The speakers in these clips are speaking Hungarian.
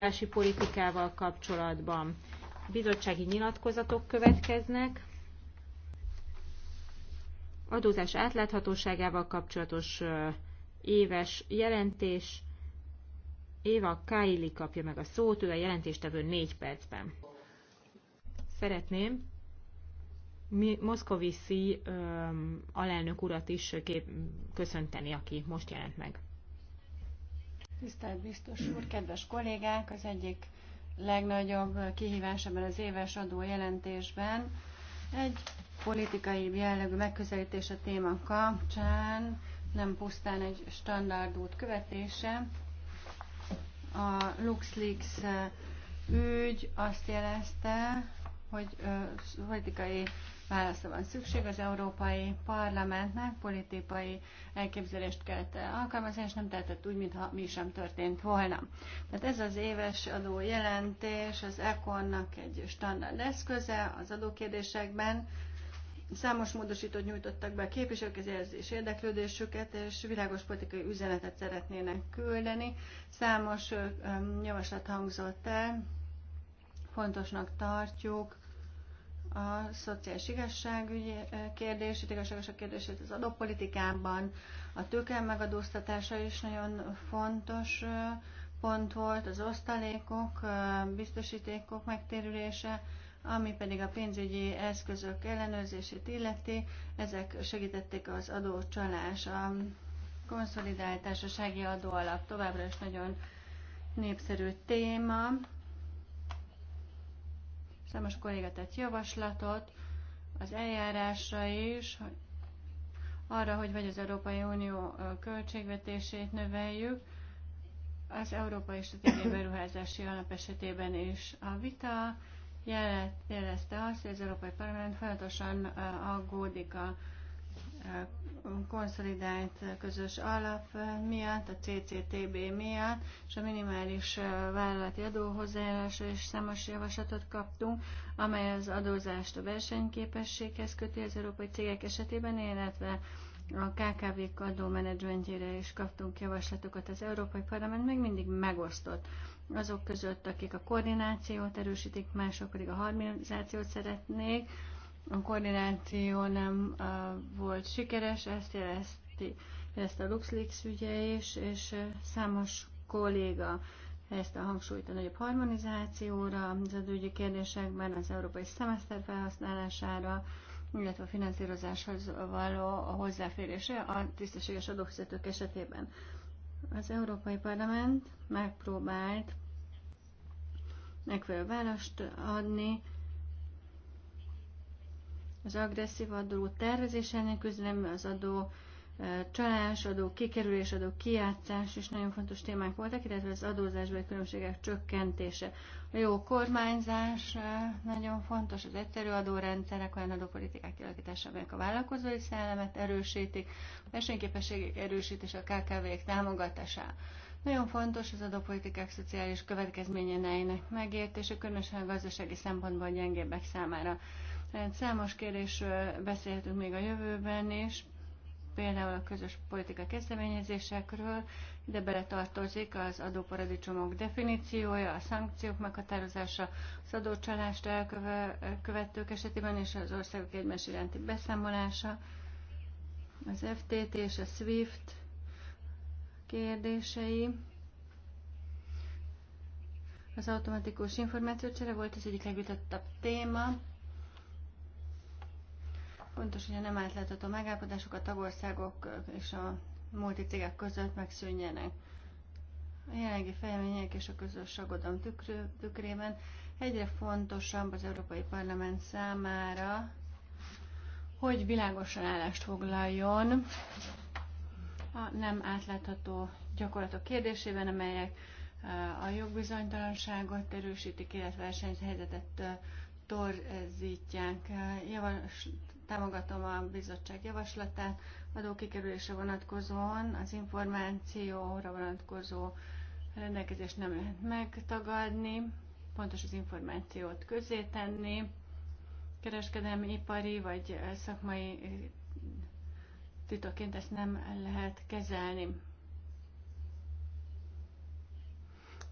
oktatási politikával kapcsolatban. Bizottsági nyilatkozatok következnek. Adózás átláthatóságával kapcsolatos éves jelentés. Éva Káili kapja meg a szót, ő a jelentéstevő négy percben. Szeretném Moszkoviszi alelnök urat is kép- köszönteni, aki most jelent meg. Tisztelt biztos úr, kedves kollégák, az egyik legnagyobb kihívás ebben az éves adó jelentésben. egy politikai jellegű megközelítés a téma kapcsán, nem pusztán egy standardút követése. A LuxLeaks eh, ügy azt jelezte, hogy eh, politikai válaszra van szükség. Az Európai Parlamentnek politikai elképzelést kellett alkalmazni, és nem tehetett úgy, mintha mi sem történt volna. Tehát ez az éves adójelentés az ECON-nak egy standard eszköze az adókérdésekben, Számos módosítót nyújtottak be a képviselők az érzés érdeklődésüket, és világos politikai üzenetet szeretnének küldeni. Számos javaslat hangzott el, fontosnak tartjuk a szociális igazságügyi eh, kérdését, igazságosak kérdését az adópolitikában, a tőke megadóztatása is nagyon fontos eh, pont volt, az osztalékok, eh, biztosítékok megtérülése, ami pedig a pénzügyi eszközök ellenőrzését illeti, ezek segítették az adócsalás, a konszolidált társasági adóalap továbbra is nagyon népszerű téma. Számos kolléga tett javaslatot az eljárásra is, arra, hogy vagy az Európai Unió költségvetését növeljük, az Európai Stratégiai Beruházási Alap esetében is a vita jelezte azt, hogy az Európai Parlament folyamatosan aggódik a konszolidált közös alap miatt, a CCTB miatt, és a minimális vállalati adóhozzájárulása és számos javaslatot kaptunk, amely az adózást a versenyképességhez köti az európai cégek esetében, illetve a KKV-k menedzsmentjére is kaptunk javaslatokat. Az Európai Parlament még mindig megosztott azok között, akik a koordinációt erősítik, mások pedig a harmonizációt szeretnék, a koordináció nem volt sikeres, ezt jelezti, ezt a LuxLeaks ügye is, és számos kolléga ezt a hangsúlyt a nagyobb harmonizációra, az adógyi kérdésekben, az európai szemeszter felhasználására, illetve a finanszírozáshoz való a hozzáférésre a tisztességes adófizetők esetében. Az Európai Parlament megpróbált megfelelő választ adni, az agresszív adó tervezés ellen küzdelem, az adó csalás, adó kikerülés, adó kiátszás is nagyon fontos témák voltak, illetve az adózásbeli különbségek csökkentése. A jó kormányzás nagyon fontos, az egyszerű adórendszerek, olyan adópolitikák kialakítása, amelyek a vállalkozói szellemet erősítik, a versenyképességek erősítése, a KKV-k támogatása. Nagyon fontos az adópolitikák szociális következményeinek megértése, különösen a gazdasági szempontból gyengébbek számára. Tehát számos kérdésről beszélhetünk még a jövőben is, például a közös politika kezdeményezésekről, ide beletartozik az adóparadicsomok definíciója, a szankciók meghatározása, az adócsalást elkövetők esetében és az országok egymás iránti beszámolása, az FTT és a SWIFT kérdései. Az automatikus információcsere volt az egyik legvitatottabb téma. Fontos, hogy a nem átlátható megállapodások a tagországok és a multicégek között megszűnjenek. A jelenlegi fejlemények és a közös aggodalom tükrében egyre fontosabb az Európai Parlament számára, hogy világosan állást foglaljon a nem átlátható gyakorlatok kérdésében, amelyek eh, a jogbizonytalanságot erősítik, illetve versenyhelyzetet eh, torzítják. Eh, Javasl támogatom a bizottság javaslatát adókikerülésre vonatkozóan, az információra vonatkozó rendelkezést nem lehet megtagadni, pontos az információt közzétenni, kereskedelmi, ipari vagy eh, szakmai eh, titokként ezt nem lehet kezelni.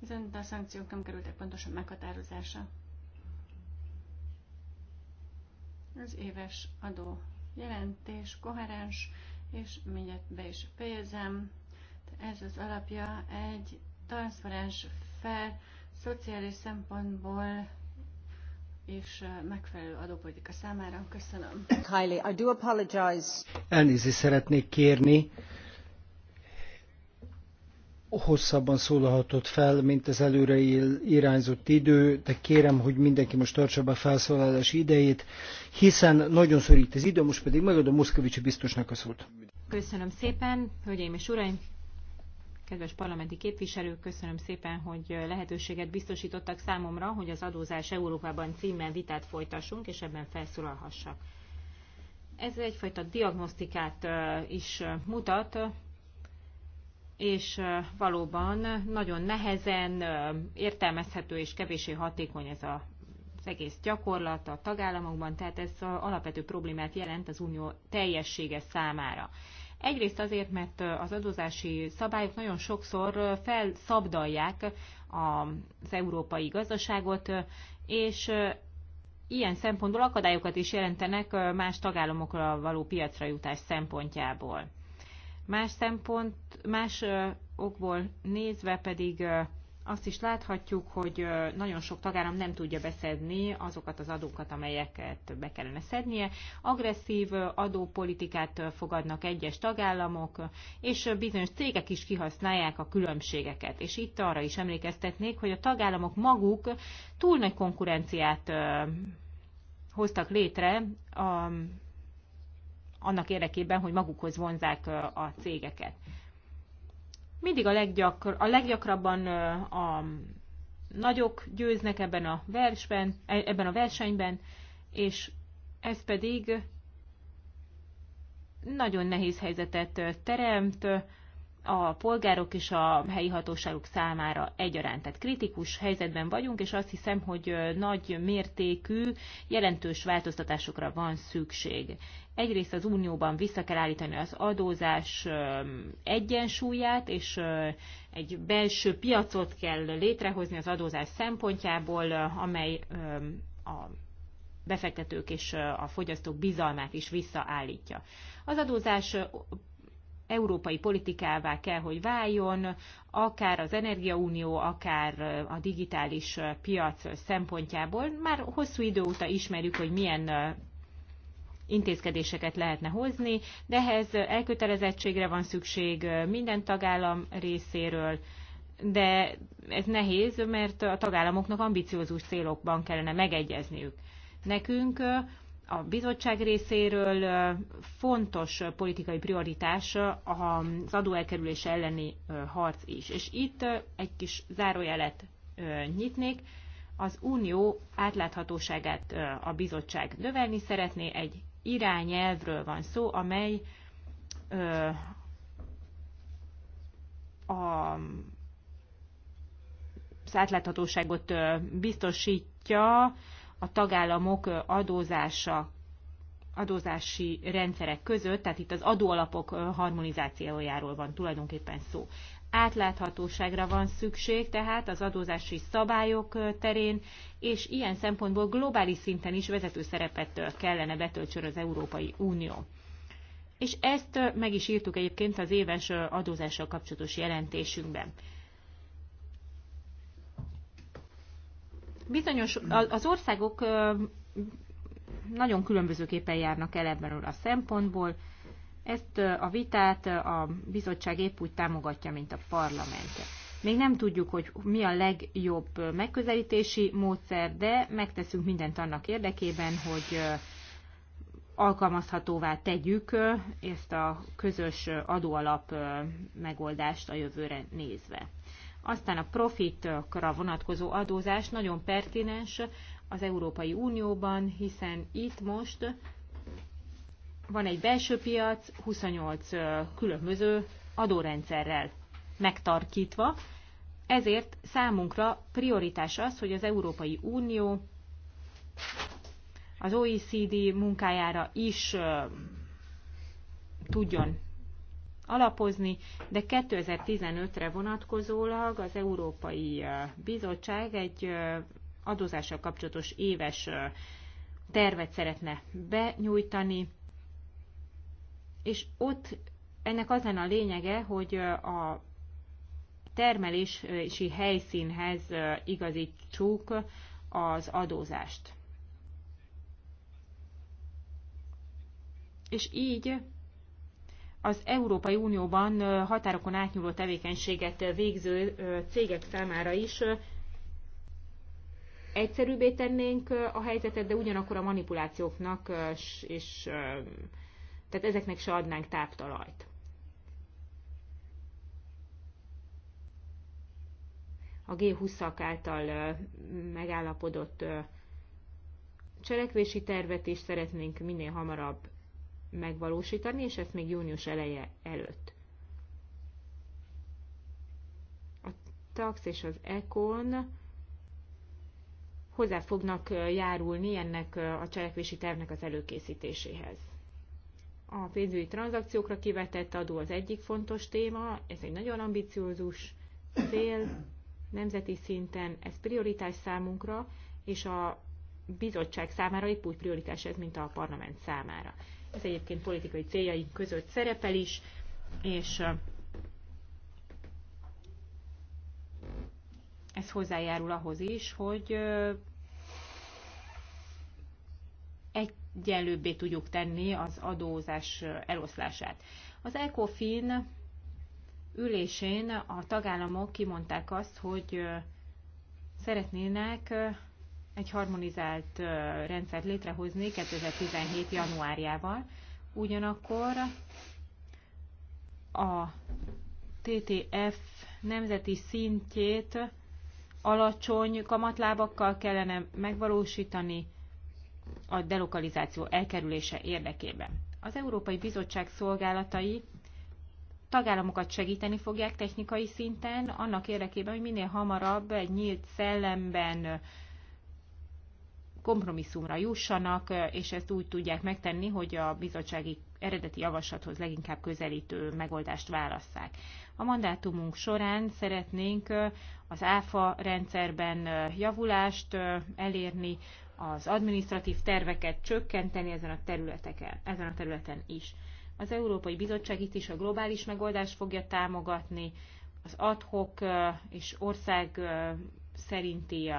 Viszont a szankciók nem kerültek pontosan meghatározásra. Az éves adó jelentés koherens, és mindjárt be is fejezem. Ez az alapja egy transzparens, fel, szociális szempontból és megfelelő adópolitika számára. Köszönöm. Kylie, I do apologize. Elnézést szeretnék kérni hosszabban szólalhatott fel, mint az előre irányzott idő, de kérem, hogy mindenki most tartsa be a felszólalás idejét, hiszen nagyon szorít az idő, most pedig megadom Moszkvicsi biztosnak a szót. Köszönöm szépen, hölgyeim és uraim! Kedves parlamenti képviselők, köszönöm szépen, hogy lehetőséget biztosítottak számomra, hogy az adózás Európában címmel vitát folytassunk, és ebben felszólalhassak. Ez egyfajta diagnosztikát is mutat és valóban nagyon nehezen értelmezhető és kevésé hatékony ez a az egész gyakorlat a tagállamokban, tehát ez alapvető problémát jelent az unió teljessége számára. Egyrészt azért, mert az adózási szabályok nagyon sokszor felszabdalják az európai gazdaságot, és ilyen szempontból akadályokat is jelentenek más tagállamokra való piacra jutás szempontjából. Más szempont, más okból nézve pedig azt is láthatjuk, hogy nagyon sok tagállam nem tudja beszedni azokat az adókat, amelyeket be kellene szednie. Agresszív adópolitikát fogadnak egyes tagállamok, és bizonyos cégek is kihasználják a különbségeket. És itt arra is emlékeztetnék, hogy a tagállamok maguk túl nagy konkurenciát hoztak létre a annak érdekében, hogy magukhoz vonzák a cégeket. Mindig a, leggyakor, a leggyakrabban a nagyok győznek ebben a, versben, e, ebben a versenyben, és ez pedig nagyon nehéz helyzetet teremt a polgárok és a helyi hatóságok számára egyaránt. Tehát kritikus helyzetben vagyunk, és azt hiszem, hogy nagy mértékű, jelentős változtatásokra van szükség. Egyrészt az Unióban vissza kell állítani az adózás egyensúlyát, és egy belső piacot kell létrehozni az adózás szempontjából, amely a befektetők és a fogyasztók bizalmát is visszaállítja. Az adózás európai politikává kell, hogy váljon, akár az energiaunió, akár a digitális piac szempontjából. Már hosszú idő óta ismerjük, hogy milyen intézkedéseket lehetne hozni, de ehhez elkötelezettségre van szükség minden tagállam részéről, de ez nehéz, mert a tagállamoknak ambiciózus célokban kellene megegyezniük. Nekünk a bizottság részéről fontos politikai prioritás az adóelkerülés elleni harc is. És itt egy kis zárójelet nyitnék. Az unió átláthatóságát a bizottság növelni szeretné. Egy irányelvről van szó, amely a az átláthatóságot biztosítja a tagállamok adózása, adózási rendszerek között, tehát itt az adóalapok harmonizációjáról van tulajdonképpen szó. Átláthatóságra van szükség tehát az adózási szabályok terén, és ilyen szempontból globális szinten is vezető szerepet kellene betöltsön az Európai Unió. És ezt meg is írtuk egyébként az éves adózással kapcsolatos jelentésünkben. Bizonyos, az országok nagyon különbözőképpen járnak el ebben a szempontból. Ezt a vitát a bizottság épp úgy támogatja, mint a parlament. Még nem tudjuk, hogy mi a legjobb megközelítési módszer, de megteszünk mindent annak érdekében, hogy alkalmazhatóvá tegyük ezt a közös adóalap megoldást a jövőre nézve. Aztán a profitokra vonatkozó adózás nagyon pertinens az Európai Unióban, hiszen itt most van egy belső piac 28 különböző adórendszerrel megtarkítva, ezért számunkra prioritás az, hogy az Európai Unió az OECD munkájára is tudjon alapozni, de 2015-re vonatkozólag az Európai Bizottság egy adózással kapcsolatos éves tervet szeretne benyújtani, és ott ennek az lenne a lényege, hogy a termelési helyszínhez igazítsuk az adózást. És így az Európai Unióban határokon átnyúló tevékenységet végző cégek számára is egyszerűbbé tennénk a helyzetet, de ugyanakkor a manipulációknak és tehát ezeknek se adnánk táptalajt. A G20-ak által megállapodott cselekvési tervet is szeretnénk minél hamarabb megvalósítani, és ezt még június eleje előtt. A TAX és az ECON hozzá fognak járulni ennek a cselekvési tervnek az előkészítéséhez. A pénzügyi tranzakciókra kivetett adó az egyik fontos téma, ez egy nagyon ambiciózus cél, nemzeti szinten ez prioritás számunkra, és a bizottság számára épp úgy prioritás ez, mint a parlament számára ez egyébként politikai céljaink között szerepel is, és ez hozzájárul ahhoz is, hogy egyenlőbbé tudjuk tenni az adózás eloszlását. Az ECOFIN ülésén a tagállamok kimondták azt, hogy szeretnének egy harmonizált rendszert létrehozni 2017. januárjával. Ugyanakkor a TTF nemzeti szintjét alacsony kamatlábakkal kellene megvalósítani a delokalizáció elkerülése érdekében. Az Európai Bizottság szolgálatai tagállamokat segíteni fogják technikai szinten, annak érdekében, hogy minél hamarabb egy nyílt szellemben kompromisszumra jussanak, és ezt úgy tudják megtenni, hogy a bizottsági eredeti javaslathoz leginkább közelítő megoldást válasszák. A mandátumunk során szeretnénk az ÁFA rendszerben javulást elérni, az administratív terveket csökkenteni ezen a, területeken, ezen a területen is. Az Európai Bizottság itt is a globális megoldást fogja támogatni, az adhok és ország szerinti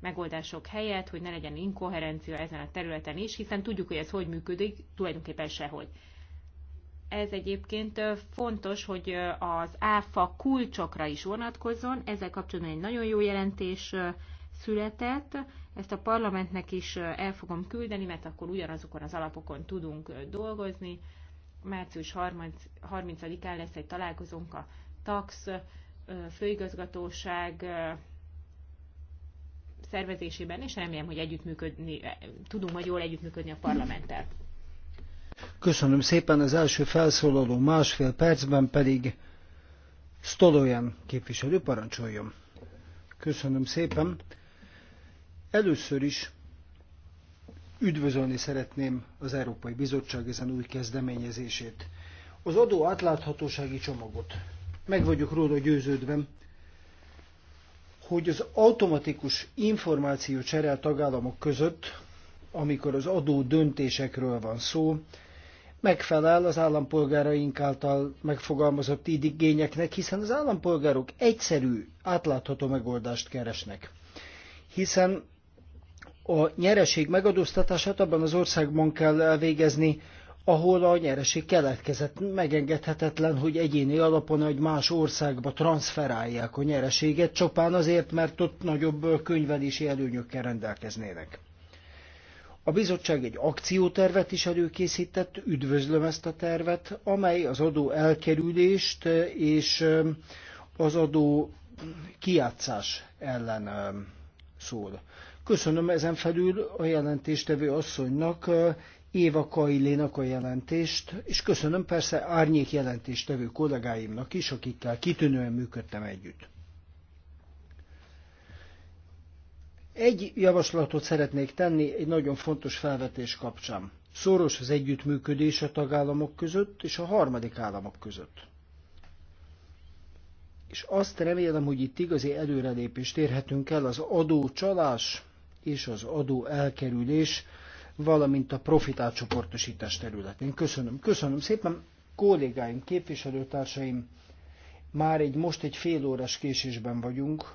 megoldások helyett, hogy ne legyen inkoherencia ezen a területen is, hiszen tudjuk, hogy ez hogy működik, tulajdonképpen sehogy. Ez egyébként fontos, hogy az áfa kulcsokra is vonatkozzon. Ezzel kapcsolatban egy nagyon jó jelentés született. Ezt a parlamentnek is el fogom küldeni, mert akkor ugyanazokon az alapokon tudunk dolgozni. Március 30-án lesz egy találkozónk a TAX főigazgatóság szervezésében, és remélem, hogy együttműködni, eh, tudunk majd jól együttműködni a parlamenttel. Köszönöm szépen az első felszólaló másfél percben pedig Stolojan képviselő parancsoljon. Köszönöm szépen. Először is üdvözölni szeretném az Európai Bizottság ezen új kezdeményezését. Az adó átláthatósági csomagot. Meg vagyok róla győződve, hogy az automatikus információ a tagállamok között, amikor az adó döntésekről van szó, megfelel az állampolgáraink által megfogalmazott igényeknek, hiszen az állampolgárok egyszerű, átlátható megoldást keresnek. Hiszen a nyereség megadóztatását abban az országban kell elvégezni, ahol a nyereség keletkezett. Megengedhetetlen, hogy egyéni alapon egy más országba transferálják a nyereséget, csopán azért, mert ott nagyobb könyvelési előnyökkel rendelkeznének. A bizottság egy akciótervet is előkészített, üdvözlöm ezt a tervet, amely az adó elkerülést és az adó kiátszás ellen szól. Köszönöm ezen felül a jelentéstevő asszonynak, Éva Kailénak a jelentést, és köszönöm persze árnyék tevő kollégáimnak is, akikkel kitűnően működtem együtt. Egy javaslatot szeretnék tenni egy nagyon fontos felvetés kapcsán. Szoros az együttműködés a tagállamok között és a harmadik államok között. És azt remélem, hogy itt igazi előrelépést érhetünk el az adócsalás és az adó elkerülés valamint a profit átcsoportosítás területén. Köszönöm. Köszönöm szépen kollégáim, képviselőtársaim. Már egy most egy fél órás késésben vagyunk.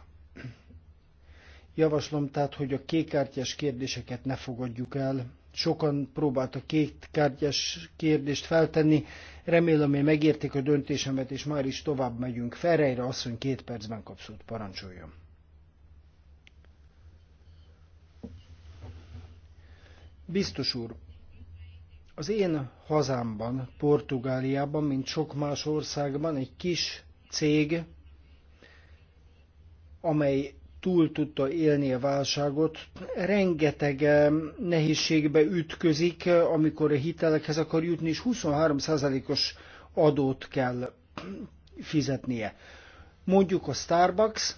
Javaslom tehát, hogy a kékkártyás kérdéseket ne fogadjuk el. Sokan próbáltak kékkártyás kérdést feltenni. Remélem, hogy megértik a döntésemet, és már is tovább megyünk. Ferreira asszony két percben kapszót parancsoljon. Biztos úr, az én hazámban, Portugáliában, mint sok más országban egy kis cég, amely túl tudta élni a válságot, rengeteg eh, nehézségbe ütközik, amikor a hitelekhez akar jutni, és 23%-os adót kell fizetnie. Mondjuk a Starbucks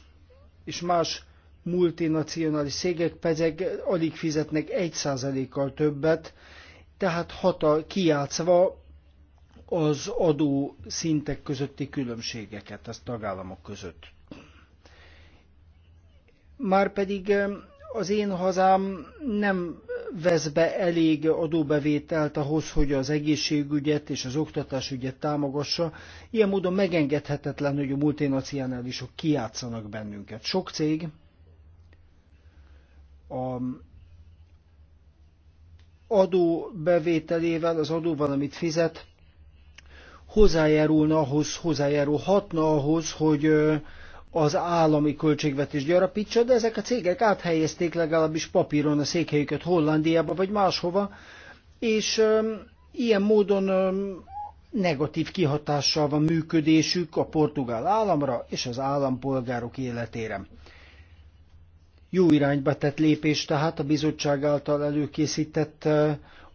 és más multinacionális cégek pedig alig fizetnek 1%-kal többet, tehát hata kiátszva az adó szintek közötti különbségeket az tagállamok között. Márpedig az én hazám nem vesz be elég adóbevételt ahhoz, hogy az egészségügyet és az oktatásügyet támogassa. Ilyen módon megengedhetetlen, hogy a multinacionálisok kiátszanak bennünket. Sok cég, a adó bevételével, az adóval, amit fizet, hozzájárulna ahhoz, hozzájárulhatna ahhoz, hogy az állami költségvetés gyarapítsa, de ezek a cégek áthelyezték legalábbis papíron a székhelyüket Hollandiába vagy máshova, és ilyen módon negatív kihatással van működésük a portugál államra és az állampolgárok életére. Jó irányba tett lépés tehát a bizottság által előkészített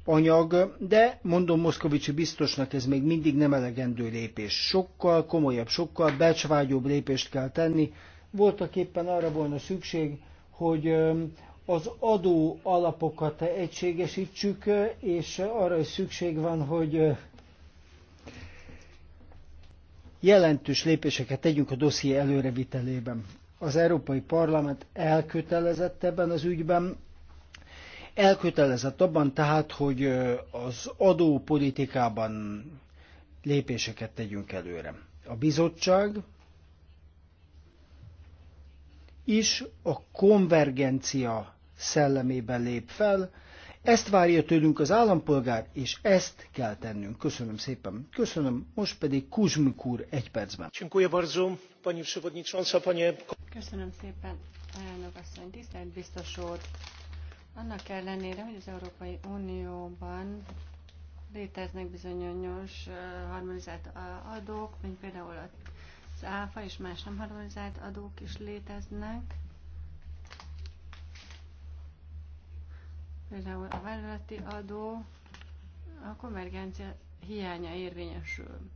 anyag, de mondom Moszkovicsi biztosnak ez még mindig nem elegendő lépés. Sokkal komolyabb, sokkal becsvágyóbb lépést kell tenni. Voltak éppen arra volna szükség, hogy az adó alapokat egységesítsük, és arra is szükség van, hogy jelentős lépéseket tegyünk a dosszié előrevitelében az Európai Parlament elkötelezett ebben az ügyben, elkötelezett abban tehát, hogy az adópolitikában lépéseket tegyünk előre. A bizottság is a konvergencia szellemében lép fel, ezt várja tőlünk az állampolgár, és ezt kell tennünk. Köszönöm szépen. Köszönöm. Most pedig Kuzmik úr egy percben. Köszönöm szépen, elnök asszony. Tisztelt biztos úr. Annak ellenére, hogy az Európai Unióban léteznek bizonyos harmonizált adók, mint például az áfa és más nem harmonizált adók is léteznek, például a vállalati adó, a konvergencia hiánya érvényesül.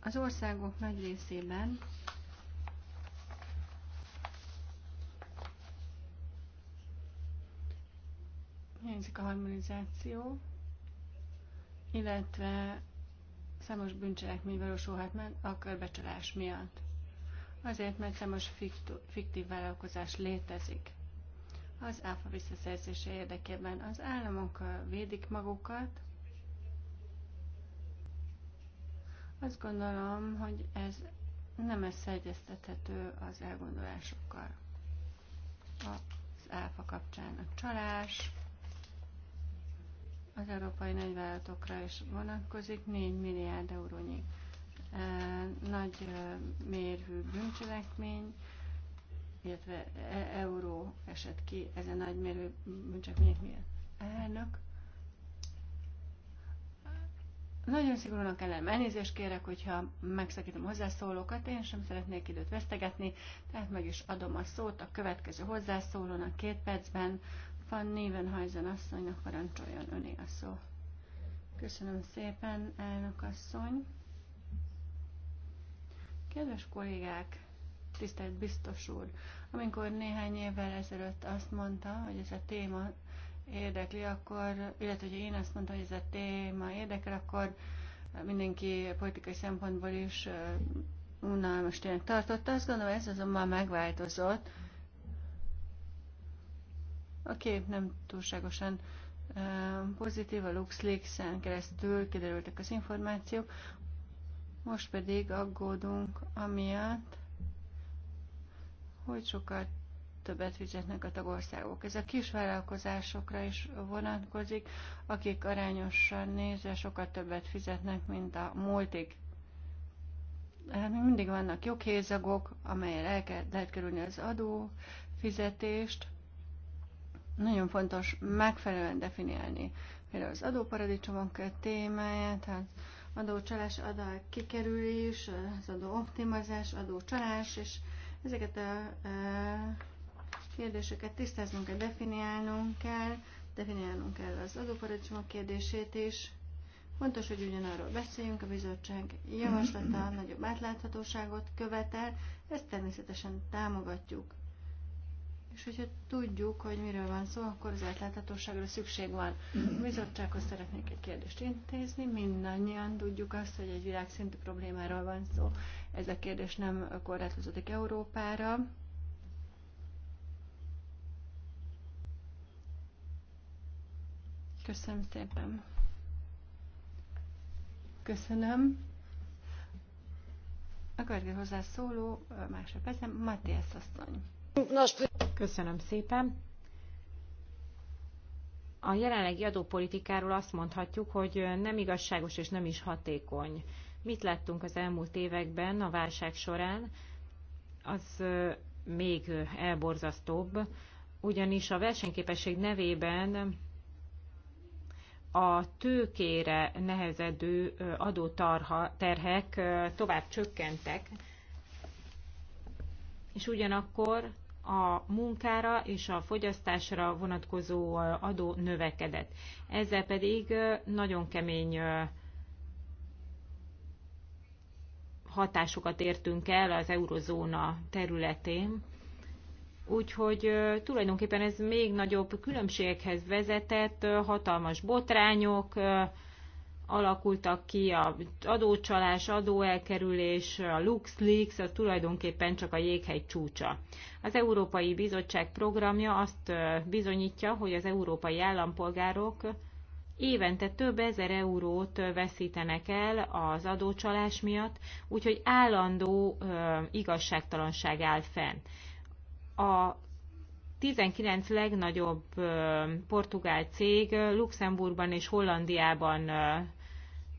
Az országok nagy részében hiányzik a harmonizáció, illetve számos bűncselekmény valósulhat meg a körbecsalás miatt. Azért, mert számos fiktív vállalkozás létezik az áfa visszaszerzése érdekében. Az államok védik magukat. Azt gondolom, hogy ez nem összeegyeztethető az elgondolásokkal. Az áfa kapcsán a csalás, az európai nagyvállalatokra is vonatkozik, 4 milliárd eurónyi nagy mérvű bűncselekmény, illetve e- euró esett ki ezen nagymérő bűncselekmények miatt. Elnök. Nagyon szigorúan kellene, elnézést kérek, hogyha megszakítom hozzászólókat, én sem szeretnék időt vesztegetni, tehát meg is adom a szót a következő hozzászólónak két percben. Van néven Névenhajzen asszonynak parancsoljon öné a szó. Köszönöm szépen, elnök asszony. Kedves kollégák, Tisztelt biztos úr, amikor néhány évvel ezelőtt azt mondta, hogy ez a téma érdekli, akkor, illetve hogy én azt mondtam, hogy ez a téma érdekel, akkor mindenki politikai szempontból is unalmas tényleg tartotta. Azt gondolom, ez azonban megváltozott. A kép nem túlságosan pozitív, a LuxLeaks-en keresztül kiderültek az információk, most pedig aggódunk amiatt, hogy sokkal többet fizetnek a tagországok. Ez a kisvállalkozásokra is vonatkozik, akik arányosan nézve sokkal többet fizetnek, mint a múltig. Hát még mindig vannak joghézagok, amelyel el kell, lehet kerülni az adó fizetést. Nagyon fontos megfelelően definiálni például az adóparadicsomok témáját, tehát adócsalás, adó kikerülés, az adóoptimazás, adócsalás, és Ezeket a kérdéseket tisztáznunk kell, definiálnunk kell, definiálnunk kell az adóparadicsomok kérdését is. Fontos, hogy ugyanarról beszéljünk, a bizottság javaslata nagyobb átláthatóságot követel, ezt természetesen támogatjuk. És hogyha tudjuk, hogy miről van szó, akkor az átláthatóságra szükség van. A bizottsághoz szeretnék egy kérdést intézni. Mindannyian tudjuk azt, hogy egy világszintű problémáról van szó. Ez a kérdés nem korlátozódik Európára. Köszönöm szépen. Köszönöm. A következő hozzászóló másodpercen Matthias asszony. Köszönöm szépen. A jelenlegi adópolitikáról azt mondhatjuk, hogy nem igazságos és nem is hatékony. Mit láttunk az elmúlt években a válság során? Az még elborzasztóbb, ugyanis a versenyképesség nevében a tőkére nehezedő adóterhek tovább csökkentek, és ugyanakkor a munkára és a fogyasztásra vonatkozó adó növekedett. Ezzel pedig nagyon kemény hatásokat értünk el az eurozóna területén. Úgyhogy tulajdonképpen ez még nagyobb különbségekhez vezetett, hatalmas botrányok, alakultak ki, a adócsalás, adóelkerülés, a LuxLeaks, az tulajdonképpen csak a jéghegy csúcsa. Az Európai Bizottság programja azt bizonyítja, hogy az európai állampolgárok évente több ezer eurót veszítenek el az adócsalás miatt, úgyhogy állandó igazságtalanság áll fenn. A 19 legnagyobb portugál cég Luxemburgban és Hollandiában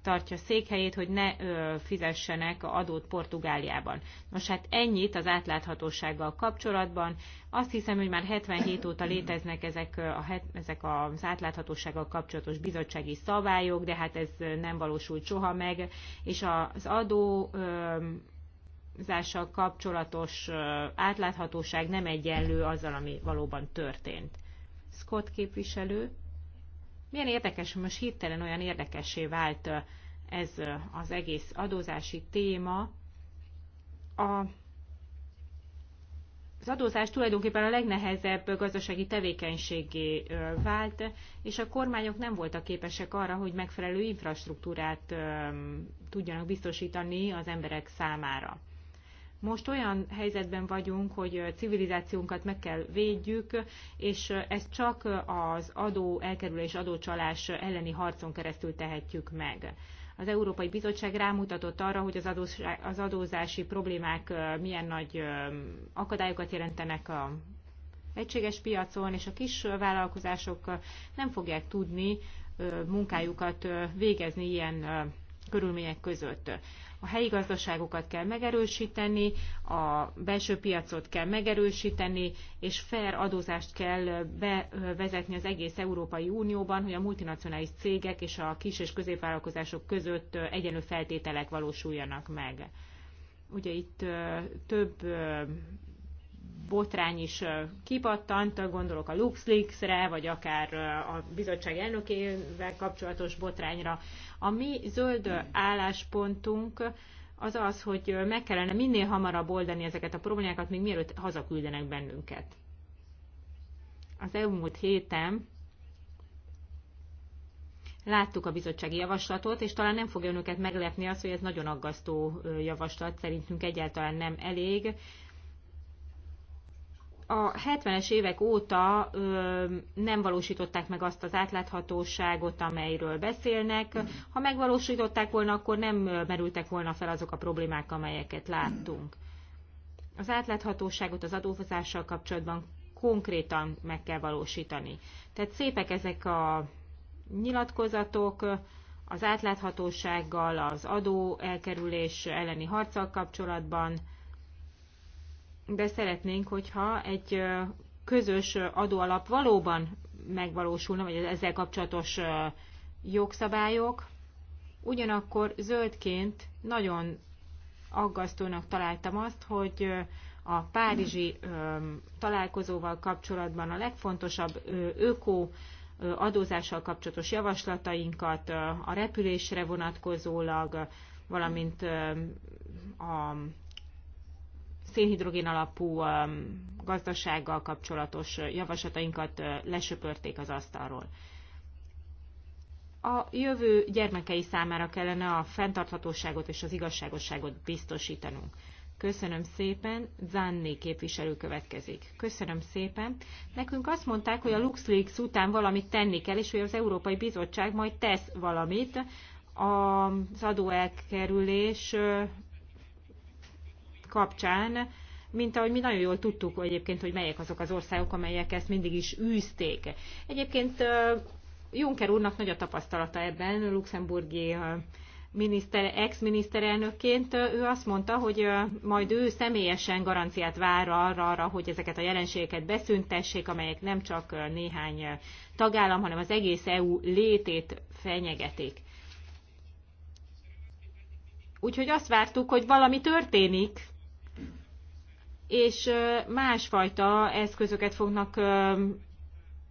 tartja székhelyét, hogy ne fizessenek adót Portugáliában. Nos hát ennyit az átláthatósággal kapcsolatban. Azt hiszem, hogy már 77 óta léteznek ezek, a, ezek az átláthatósággal kapcsolatos bizottsági szabályok, de hát ez nem valósult soha meg, és az adó kapcsolatos átláthatóság nem egyenlő azzal, ami valóban történt. Scott képviselő. Milyen érdekes, hogy most hirtelen olyan érdekessé vált ez az egész adózási téma. A, az adózás tulajdonképpen a legnehezebb gazdasági tevékenységé vált, és a kormányok nem voltak képesek arra, hogy megfelelő infrastruktúrát tudjanak biztosítani az emberek számára. Most olyan helyzetben vagyunk, hogy civilizációnkat meg kell védjük, és ezt csak az adó elkerülés, adócsalás elleni harcon keresztül tehetjük meg. Az Európai Bizottság rámutatott arra, hogy az adózási problémák milyen nagy akadályokat jelentenek a egységes piacon, és a kis vállalkozások nem fogják tudni munkájukat végezni ilyen körülmények között. A helyi gazdaságokat kell megerősíteni, a belső piacot kell megerősíteni, és fair adózást kell bevezetni az egész Európai Unióban, hogy a multinacionális cégek és a kis- és középvállalkozások között egyenlő feltételek valósuljanak meg. Ugye itt több botrány is kipattant, gondolok a LuxLeaks-re, vagy akár a bizottság elnökével kapcsolatos botrányra. A mi zöld álláspontunk az az, hogy meg kellene minél hamarabb oldani ezeket a problémákat, még mielőtt hazaküldenek bennünket. Az elmúlt héten láttuk a bizottsági javaslatot, és talán nem fogja önöket meglepni az, hogy ez nagyon aggasztó javaslat, szerintünk egyáltalán nem elég a 70-es évek óta ö, nem valósították meg azt az átláthatóságot, amelyről beszélnek. Ha megvalósították volna, akkor nem merültek volna fel azok a problémák, amelyeket láttunk. Az átláthatóságot az adózással kapcsolatban konkrétan meg kell valósítani. Tehát szépek ezek a nyilatkozatok, az átláthatósággal, az adó elkerülés elleni harccal kapcsolatban, de szeretnénk, hogyha egy közös adóalap valóban megvalósulna, vagy ezzel kapcsolatos jogszabályok. Ugyanakkor zöldként nagyon aggasztónak találtam azt, hogy a párizsi találkozóval kapcsolatban a legfontosabb öko adózással kapcsolatos javaslatainkat a repülésre vonatkozólag, valamint a szénhidrogén alapú um, gazdasággal kapcsolatos uh, javaslatainkat uh, lesöpörték az asztalról. A jövő gyermekei számára kellene a fenntarthatóságot és az igazságosságot biztosítanunk. Köszönöm szépen, Zanni képviselő következik. Köszönöm szépen. Nekünk azt mondták, hogy a LuxLeaks után valamit tenni kell, és hogy az Európai Bizottság majd tesz valamit az adóelkerülés uh, kapcsán, mint ahogy mi nagyon jól tudtuk egyébként, hogy melyek azok az országok, amelyek ezt mindig is űzték. Egyébként Juncker úrnak nagy a tapasztalata ebben, luxemburgi miniszter, ex-miniszterelnökként, ő azt mondta, hogy majd ő személyesen garanciát vár arra, arra, hogy ezeket a jelenségeket beszüntessék, amelyek nem csak néhány tagállam, hanem az egész EU létét fenyegetik. Úgyhogy azt vártuk, hogy valami történik, és másfajta eszközöket fognak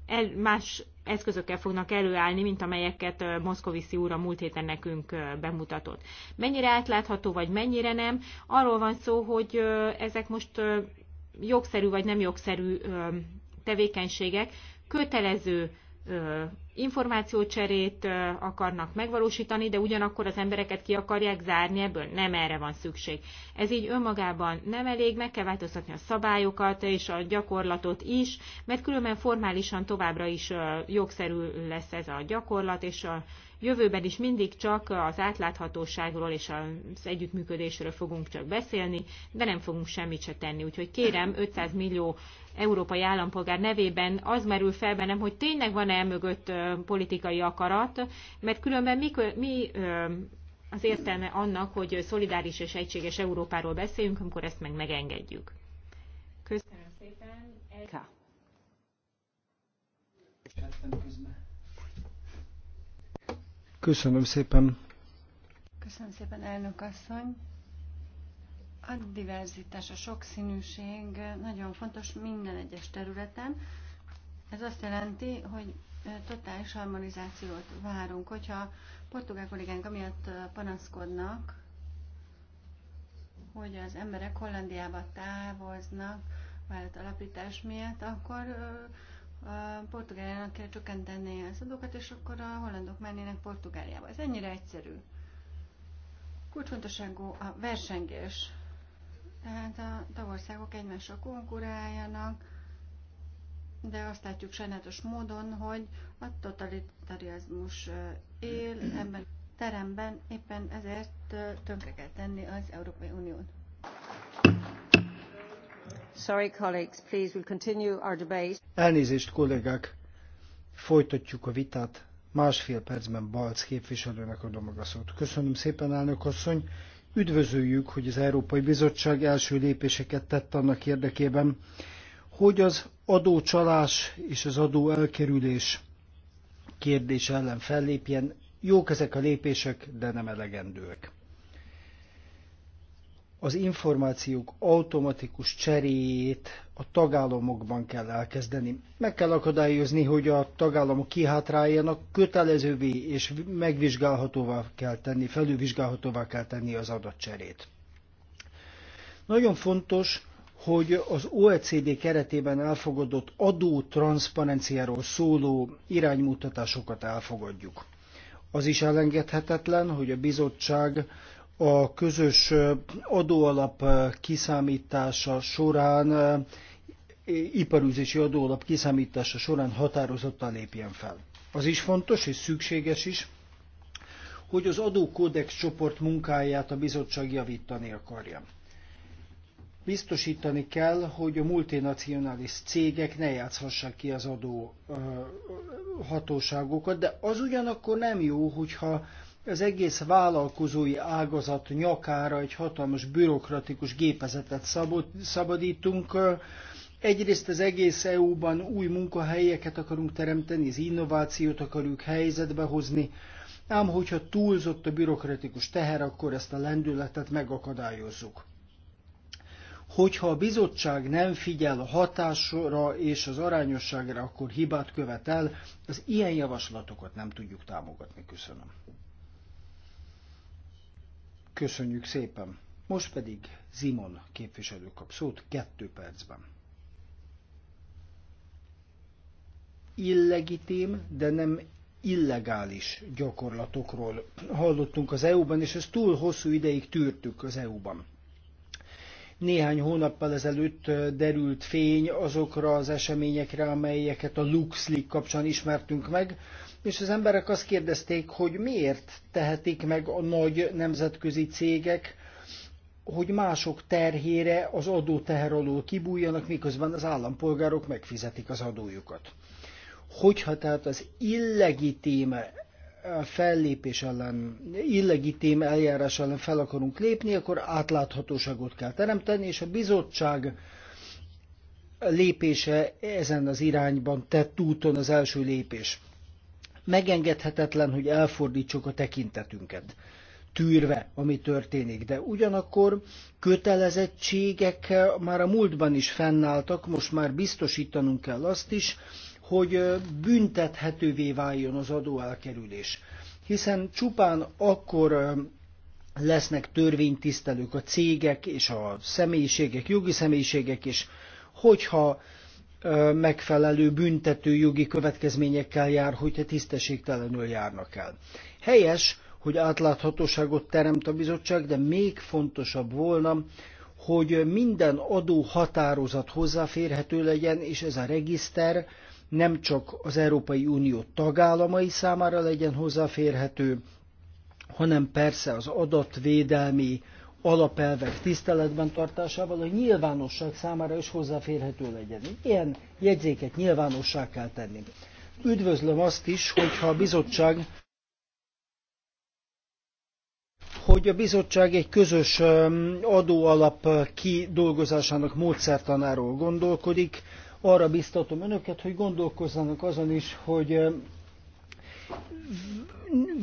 el, más eszközökkel fognak előállni, mint amelyeket Moszkoviszi úr a múlt héten nekünk bemutatott. Mennyire átlátható, vagy mennyire nem, arról van szó, hogy ezek most jogszerű vagy nem jogszerű tevékenységek, kötelező információcserét akarnak megvalósítani, de ugyanakkor az embereket ki akarják zárni ebből, nem erre van szükség. Ez így önmagában nem elég, meg kell változtatni a szabályokat és a gyakorlatot is, mert különben formálisan továbbra is jogszerű lesz ez a gyakorlat, és a jövőben is mindig csak az átláthatóságról és az együttműködésről fogunk csak beszélni, de nem fogunk semmit se tenni. Úgyhogy kérem, 500 millió európai állampolgár nevében az merül fel bennem, hogy tényleg van-e mögött politikai akarat, mert különben mi, mi az értelme annak, hogy szolidáris és egységes Európáról beszéljünk, amikor ezt meg megengedjük. Köszönöm szépen. Elka. Köszönöm szépen. Köszönöm szépen, elnök asszony. A diverzitás, a sokszínűség nagyon fontos minden egyes területen. Ez azt jelenti, hogy totális harmonizációt várunk. Hogyha portugál kollégánk amiatt panaszkodnak, hogy az emberek Hollandiába távoznak vállalat alapítás miatt, akkor Portugáliának kell csökkenteni az adókat, és akkor a hollandok mennének Portugáliába. Ez ennyire egyszerű. Kulcsfontosságú a versengés tehát a tagországok egymással konkuráljanak, de azt látjuk sajnálatos módon, hogy a totalitarizmus él ebben a teremben, éppen ezért tönkre kell tenni az Európai Uniót. Sorry, colleagues, please, we'll continue our debate. Elnézést, kollégák! Folytatjuk a vitát. Másfél percben Balc képviselőnek adom a szót. Köszönöm szépen, elnök asszony! Üdvözöljük, hogy az Európai Bizottság első lépéseket tett annak érdekében, hogy az adócsalás és az adó elkerülés kérdés ellen fellépjen. Jók ezek a lépések, de nem elegendőek az információk automatikus cseréjét a tagállamokban kell elkezdeni. Meg kell akadályozni, hogy a tagállamok kihátráljanak, kötelezővé és megvizsgálhatóvá kell tenni, felülvizsgálhatóvá kell tenni az adatcserét. Nagyon fontos, hogy az OECD keretében elfogadott adó transzparenciáról szóló iránymutatásokat elfogadjuk. Az is elengedhetetlen, hogy a bizottság a közös adóalap kiszámítása során, iparűzési adóalap kiszámítása során határozottan lépjen fel. Az is fontos és szükséges is, hogy az adókódex csoport munkáját a bizottság javítani akarja. Biztosítani kell, hogy a multinacionális cégek ne játszhassák ki az adó hatóságokat, de az ugyanakkor nem jó, hogyha az egész vállalkozói ágazat nyakára egy hatalmas bürokratikus gépezetet szabadítunk. Egyrészt az egész EU-ban új munkahelyeket akarunk teremteni, az innovációt akarjuk helyzetbe hozni, ám hogyha túlzott a bürokratikus teher, akkor ezt a lendületet megakadályozzuk. Hogyha a bizottság nem figyel a hatásra és az arányosságra, akkor hibát követel, az ilyen javaslatokat nem tudjuk támogatni. Köszönöm. Köszönjük szépen. Most pedig Zimon képviselő kap szót kettő percben. Illegitim, de nem illegális gyakorlatokról hallottunk az EU-ban, és ezt túl hosszú ideig tűrtük az EU-ban. Néhány hónappal ezelőtt derült fény azokra az eseményekre, amelyeket a LuxLeak kapcsán ismertünk meg, és az emberek azt kérdezték, hogy miért tehetik meg a nagy nemzetközi cégek, hogy mások terhére az adóteher alól kibújjanak, miközben az állampolgárok megfizetik az adójukat. Hogyha tehát az illegitím eh, fellépés ellen, illegitím eljárás ellen fel akarunk lépni, akkor átláthatóságot kell teremteni, és a bizottság lépése ezen az irányban tett úton az első lépés megengedhetetlen, hogy elfordítsuk a tekintetünket tűrve, ami történik. De ugyanakkor kötelezettségek már a múltban is fennálltak, most már biztosítanunk kell azt is, hogy büntethetővé váljon az adóelkerülés. Hiszen csupán akkor lesznek törvénytisztelők a cégek és a személyiségek, jogi személyiségek is, hogyha megfelelő büntető jogi következményekkel jár, hogyha tisztességtelenül járnak el. Helyes, hogy átláthatóságot teremt a bizottság, de még fontosabb volna, hogy minden adó határozat hozzáférhető legyen, és ez a regiszter nem csak az Európai Unió tagállamai számára legyen hozzáférhető, hanem persze az adatvédelmi alapelvek tiszteletben tartásával hogy nyilvánosság számára is hozzáférhető legyen. Ilyen jegyzéket nyilvánossá kell tenni. Üdvözlöm azt is, hogyha a bizottság hogy a bizottság egy közös adóalap kidolgozásának módszertanáról gondolkodik. Arra biztatom önöket, hogy gondolkozzanak azon is, hogy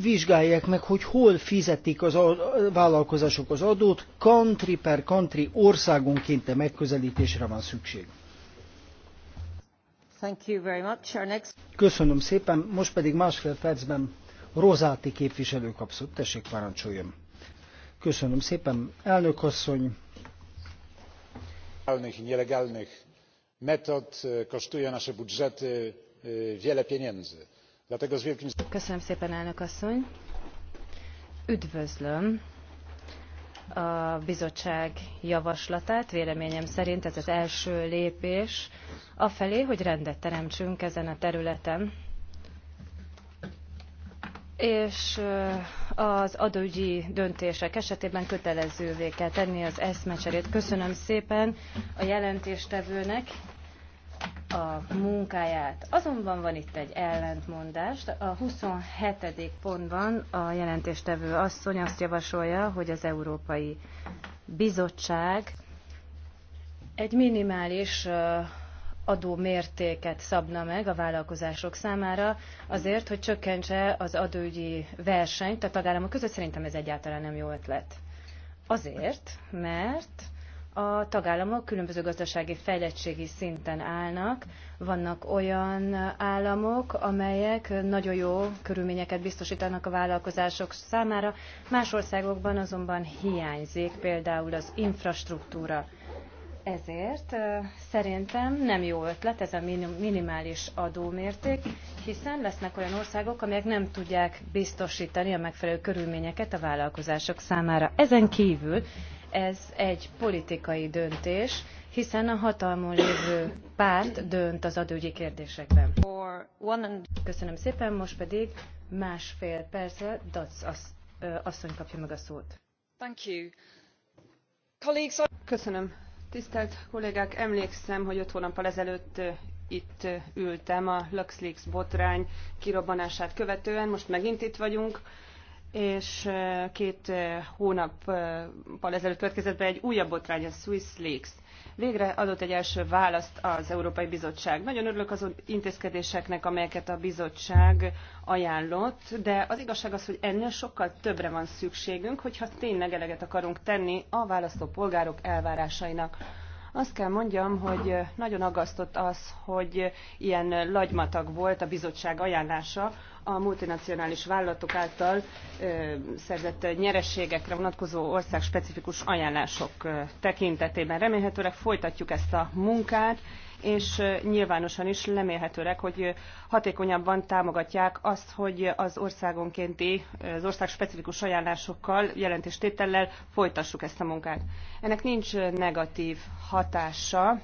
vizsgálják meg, hogy hol fizetik az a vállalkozások az adót, country per country országonként megközelítésre van szükség. Next... Köszönöm szépen, most pedig másfél percben Rozáti képviselő kapszott. Tessék, parancsoljon. Köszönöm szépen, elnök asszony. Legalnych i nielegalnych metod e, kosztuje nasze budżety e, wiele pieniędzy Köszönöm szépen, elnök asszony. Üdvözlöm a bizottság javaslatát. Véleményem szerint ez az első lépés afelé, hogy rendet teremtsünk ezen a területen. És az adóügyi döntések esetében kötelezővé kell tenni az eszmecserét. Köszönöm szépen a jelentéstevőnek, a munkáját. Azonban van itt egy ellentmondás. A 27. pontban a jelentéstevő asszony azt javasolja, hogy az Európai Bizottság egy minimális adómértéket szabna meg a vállalkozások számára azért, hogy csökkentse az adőgyi versenyt a tagállamok között. Szerintem ez egyáltalán nem jó ötlet. Azért, mert a tagállamok különböző gazdasági fejlettségi szinten állnak. Vannak olyan államok, amelyek nagyon jó körülményeket biztosítanak a vállalkozások számára, más országokban azonban hiányzik például az infrastruktúra. Ezért szerintem nem jó ötlet ez a minimális adómérték, hiszen lesznek olyan országok, amelyek nem tudják biztosítani a megfelelő körülményeket a vállalkozások számára. Ezen kívül ez egy politikai döntés, hiszen a hatalmon lévő párt dönt az adógyi kérdésekben. Köszönöm szépen, most pedig másfél percre Dac asszony kapja meg a szót. Köszönöm. Tisztelt kollégák, emlékszem, hogy öt hónappal ezelőtt itt ültem a LuxLeaks botrány kirobbanását követően, most megint itt vagyunk és két hónappal ezelőtt következett be egy újabb botrány, a Swiss Leaks. Végre adott egy első választ az Európai Bizottság. Nagyon örülök azon intézkedéseknek, amelyeket a bizottság ajánlott, de az igazság az, hogy ennél sokkal többre van szükségünk, hogyha tényleg eleget akarunk tenni a választópolgárok elvárásainak azt kell mondjam, hogy nagyon agasztott az, hogy ilyen lagymatag volt a bizottság ajánlása a multinacionális vállalatok által szerzett nyerességekre vonatkozó országspecifikus ajánlások tekintetében. Remélhetőleg folytatjuk ezt a munkát, és nyilvánosan is lemélhetőleg, hogy hatékonyabban támogatják azt, hogy az országonkénti, az ország specifikus ajánlásokkal, jelentéstétellel folytassuk ezt a munkát. Ennek nincs negatív hatása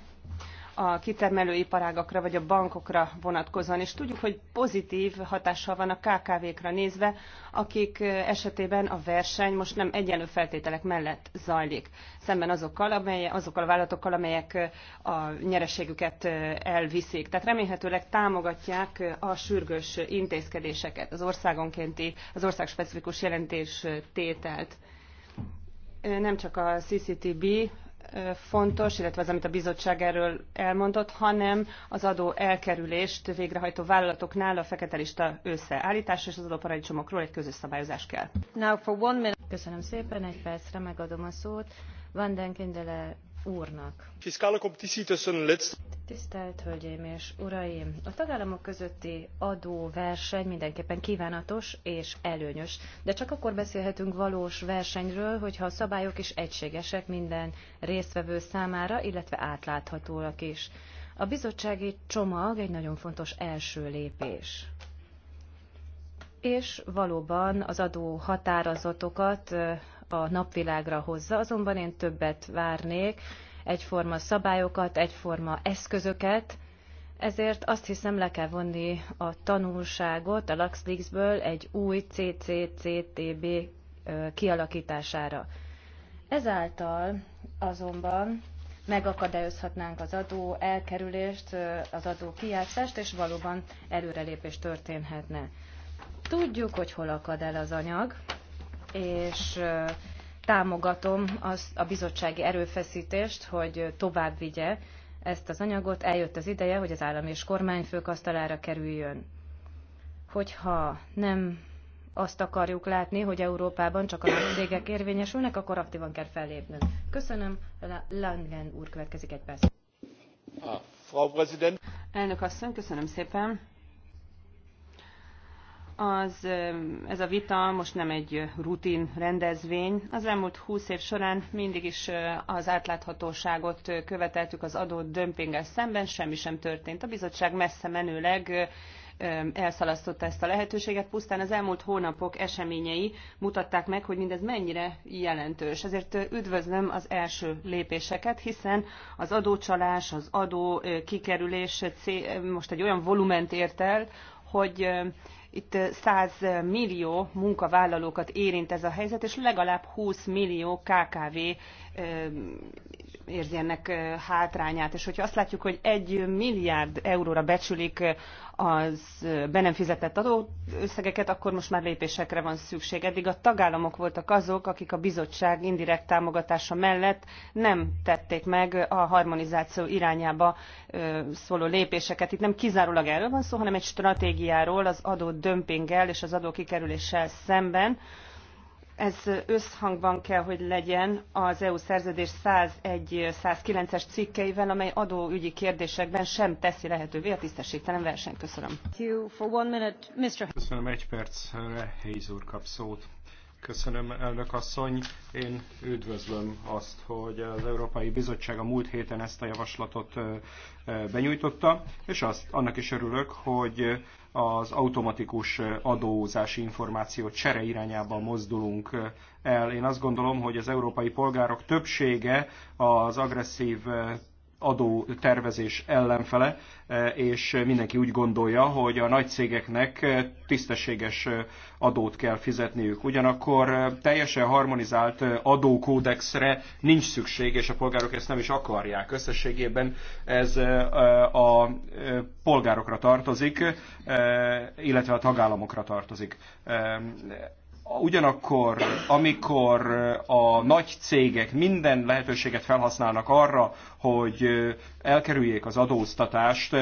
a kitermelő iparágakra vagy a bankokra vonatkozóan, és tudjuk, hogy pozitív hatással van a KKV-kra nézve, akik esetében a verseny most nem egyenlő feltételek mellett zajlik, szemben azokkal, amely, azokkal a vállalatokkal, amelyek a nyereségüket elviszik. Tehát remélhetőleg támogatják a sürgős intézkedéseket, az országonkénti, az országspecifikus jelentés tételt nem csak a CCTB fontos, illetve az, amit a bizottság erről elmondott, hanem az adó elkerülést végrehajtó vállalatoknál a fekete lista összeállítása és az adóparadicsomokról egy közös szabályozás kell. Now for one minute. Köszönöm szépen, egy percre megadom a szót Van den Kindele úrnak. Fiscale competitie tussen lidstaten Tisztelt Hölgyeim és Uraim! A tagállamok közötti adóverseny mindenképpen kívánatos és előnyös, de csak akkor beszélhetünk valós versenyről, hogyha a szabályok is egységesek minden résztvevő számára, illetve átláthatóak is. A bizottsági csomag egy nagyon fontos első lépés. És valóban az adó határozatokat a napvilágra hozza, azonban én többet várnék, egyforma szabályokat, egyforma eszközöket, ezért azt hiszem le kell vonni a tanulságot a ből egy új CCCTB kialakítására. Ezáltal azonban megakadályozhatnánk az adó elkerülést, az adó kiátszást, és valóban előrelépés történhetne. Tudjuk, hogy hol akad el az anyag, és támogatom az, a bizottsági erőfeszítést, hogy tovább vigye ezt az anyagot. Eljött az ideje, hogy az állam és kormányfők asztalára kerüljön. Hogyha nem azt akarjuk látni, hogy Európában csak a nagy cégek érvényesülnek, akkor aktívan kell fellépnünk. Köszönöm. Langen úr következik egy perc. Ah, Frau Elnök asszony, köszönöm szépen az, ez a vita most nem egy rutin rendezvény. Az elmúlt húsz év során mindig is az átláthatóságot követeltük az adott dömpinggel szemben, semmi sem történt. A bizottság messze menőleg elszalasztotta ezt a lehetőséget, pusztán az elmúlt hónapok eseményei mutatták meg, hogy mindez mennyire jelentős. Ezért üdvözlöm az első lépéseket, hiszen az adócsalás, az adó kikerülés most egy olyan volument ért el, hogy itt 100 millió munkavállalókat érint ez a helyzet, és legalább 20 millió KKV érzi ennek hátrányát. És hogyha azt látjuk, hogy egy milliárd euróra becsülik az be nem fizetett összegeket, akkor most már lépésekre van szükség. Eddig a tagállamok voltak azok, akik a bizottság indirekt támogatása mellett nem tették meg a harmonizáció irányába szóló lépéseket. Itt nem kizárólag erről van szó, hanem egy stratégiáról az adó dömpinggel és az adó kikerüléssel szemben, ez összhangban kell, hogy legyen az EU szerződés 101-109-es cikkeivel, amely adóügyi kérdésekben sem teszi lehetővé a tisztességtelen versenyt. Köszönöm. Köszönöm egy percre, Hayes úr kap szót. Köszönöm, elnök asszony. Én üdvözlöm azt, hogy az Európai Bizottság a múlt héten ezt a javaslatot benyújtotta, és azt, annak is örülök, hogy az automatikus adózási információ csere irányába mozdulunk el. Én azt gondolom, hogy az európai polgárok többsége az agresszív adó tervezés ellenfele, e, és mindenki úgy gondolja, hogy a nagy cégeknek e, tisztességes e, adót kell fizetniük. Ugyanakkor teljesen harmonizált adókódexre nincs szükség, és a polgárok ezt nem is akarják. Összességében ez a polgárokra tartozik, illetve a tagállamokra tartozik. Ugyanakkor, amikor a nagy cégek minden lehetőséget felhasználnak arra, hogy elkerüljék az adóztatást,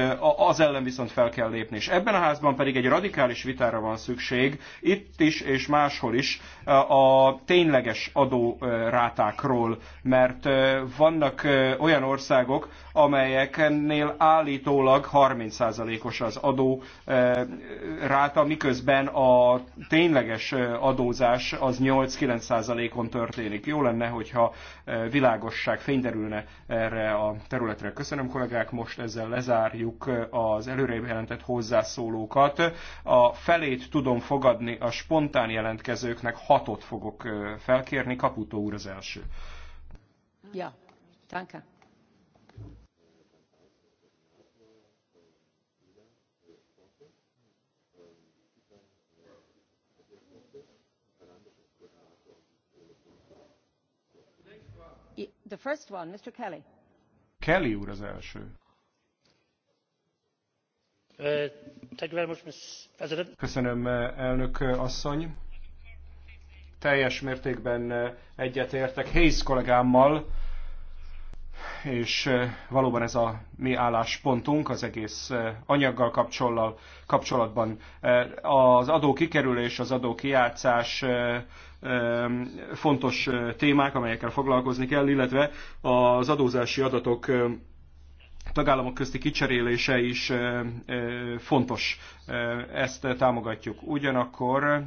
az ellen viszont fel kell lépni. És ebben a házban pedig egy radikális vitára van szükség, itt is és máshol is, a tényleges adórátákról, mert vannak olyan országok, amelyeknél állítólag 30%-os az adóráta, miközben a tényleges adó adózás az 8-9 on történik. Jó lenne, hogyha e, világosság fényderülne erre a területre. Köszönöm kollégák, most ezzel lezárjuk e, az előre jelentett hozzászólókat. A felét tudom fogadni a spontán jelentkezőknek, hatot fogok e, felkérni. Kaputó úr az első. Ja, danke. The first one, Mr. Kelly. Kelly úr az első. Uh, Köszönöm, uh, elnök uh, asszony. Teljes mértékben egyetértek Hayes kollégámmal, és valóban ez a mi álláspontunk az egész anyaggal kapcsolatban. Az adó kikerülés, az adó kiátszás fontos témák, amelyekkel foglalkozni kell, illetve az adózási adatok tagállamok közti kicserélése is fontos. Ezt támogatjuk. Ugyanakkor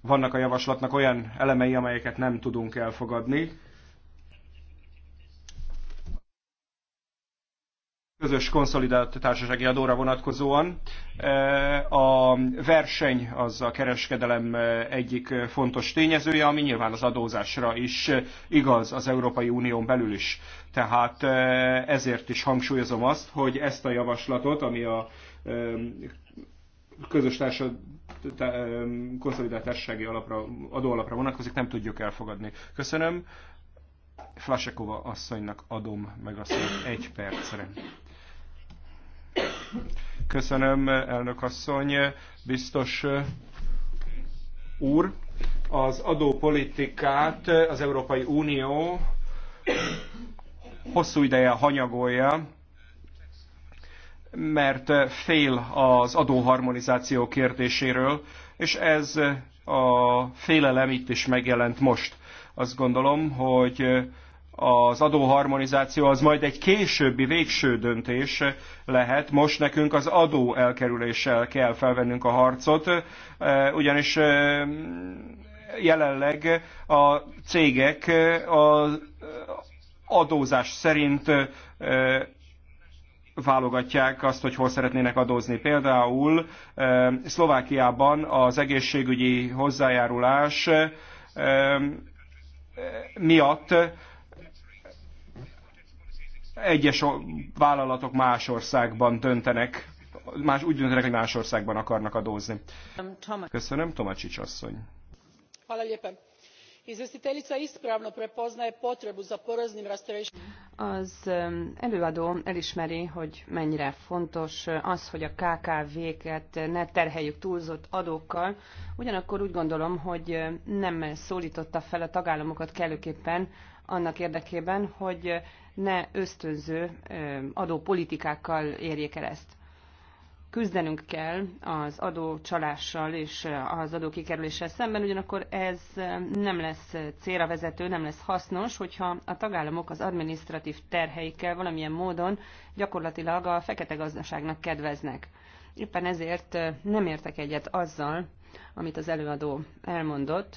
vannak a javaslatnak olyan elemei, amelyeket nem tudunk elfogadni közös konszolidált társasági adóra vonatkozóan. E, a verseny az a kereskedelem egyik fontos tényezője, ami nyilván az adózásra is igaz az Európai Unión belül is. Tehát e, ezért is hangsúlyozom azt, hogy ezt a javaslatot, ami a e, közös társa, konszolidált társasági alapra, adóalapra vonatkozik, nem tudjuk elfogadni. Köszönöm. Flasekova asszonynak adom meg azt szót egy percre. Köszönöm, elnök asszony, biztos úr. Az adópolitikát az Európai Unió hosszú ideje hanyagolja, mert fél az adóharmonizáció kérdéséről, és ez a félelem itt is megjelent most. Azt gondolom, hogy az adóharmonizáció az majd egy későbbi végső döntés lehet. Most nekünk az adó elkerüléssel kell felvennünk a harcot, eh, ugyanis eh, jelenleg a cégek eh, az adózás szerint válogatják azt, hogy hol szeretnének adózni. Például Szlovákiában az egészségügyi hozzájárulás miatt egyes vállalatok más országban döntenek, más úgy döntenek, hogy más országban akarnak adózni. Köszönöm, Tomacsics asszony. Az előadó elismeri, hogy mennyire fontos az, hogy a KKV-ket ne terheljük túlzott adókkal. Ugyanakkor úgy gondolom, hogy nem szólította fel a tagállamokat kellőképpen annak érdekében, hogy ne ösztönző adópolitikákkal érjék el ezt. Küzdenünk kell az adócsalással és az adókikerüléssel szemben, ugyanakkor ez nem lesz célra vezető, nem lesz hasznos, hogyha a tagállamok az administratív terheikkel valamilyen módon gyakorlatilag a fekete gazdaságnak kedveznek. Éppen ezért nem értek egyet azzal, amit az előadó elmondott,